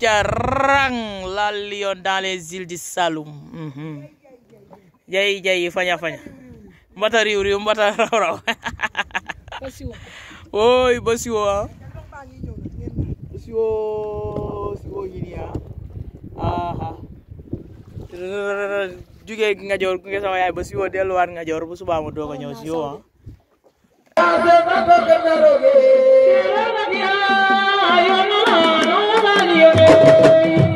jarang la lion zil di salum, jai jai fanya fanya mbata riw riw mbata raw raw oy basiwa siwo siwo yini ya aha juge nga jor sama ya ba siwo delluwaat nga jor bu suba mu doga ñew siwo ha Hallelujah.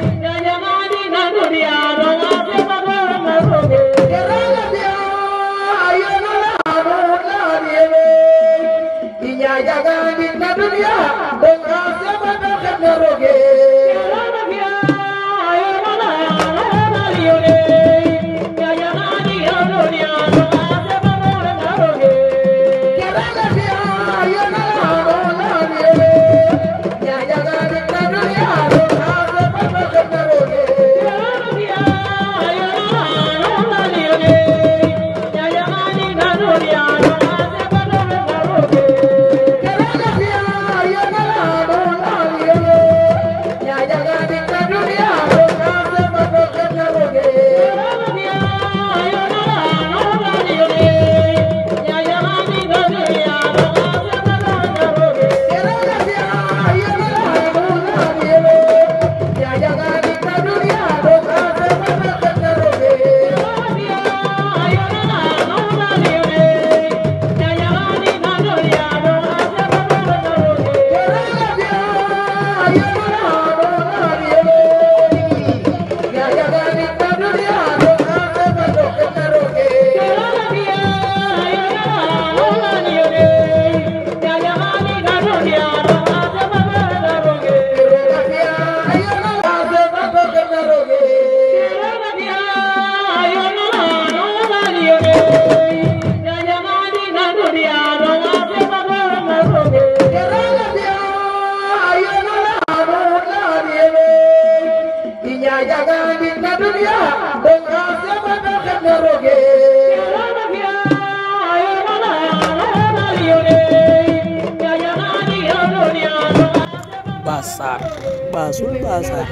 pasul pasar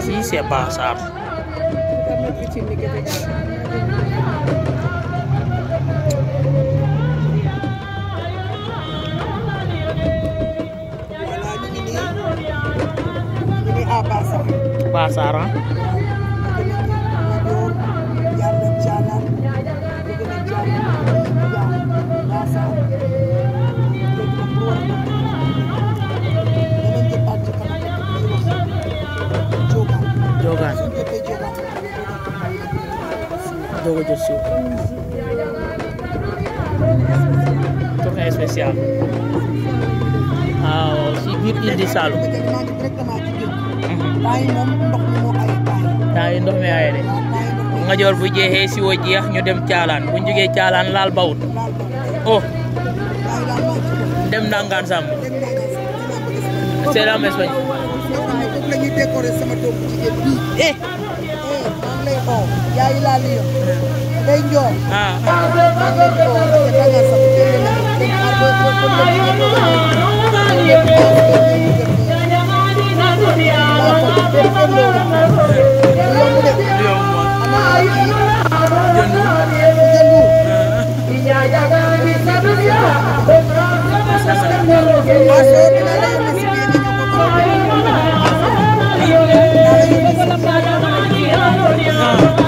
si siapa pasar Pasaran. pasar pasar doog spesial. jot si tournée spécial si biir il di Saloum nga bu si wo jeex ñu dem caalaan bu ñu jógee bawut oh dem nangan sam. c'est la Eh! lay xoo yaay Islam.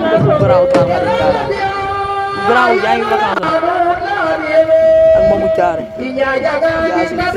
kan berau tangan sekarang berau ya, yang bakal ang mamutyari ya si sa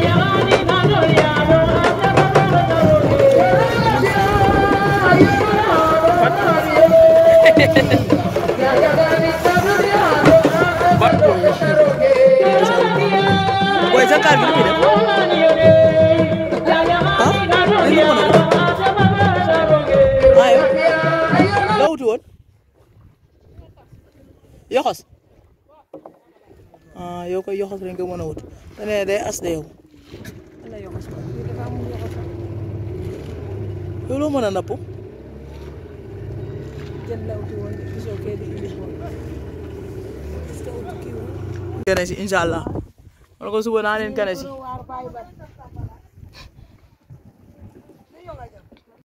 Ah? yoxos ah yow koy yoxos rek nga mën a wut te nee day as de yow Alayo mas ko. Dito ka mo ako sa. Lulo man na po. Diyan lang ko wala. Gusto ko di ini ko. Gusto ko di ko. Kana si inshallah. Wala ko suwanan kana si.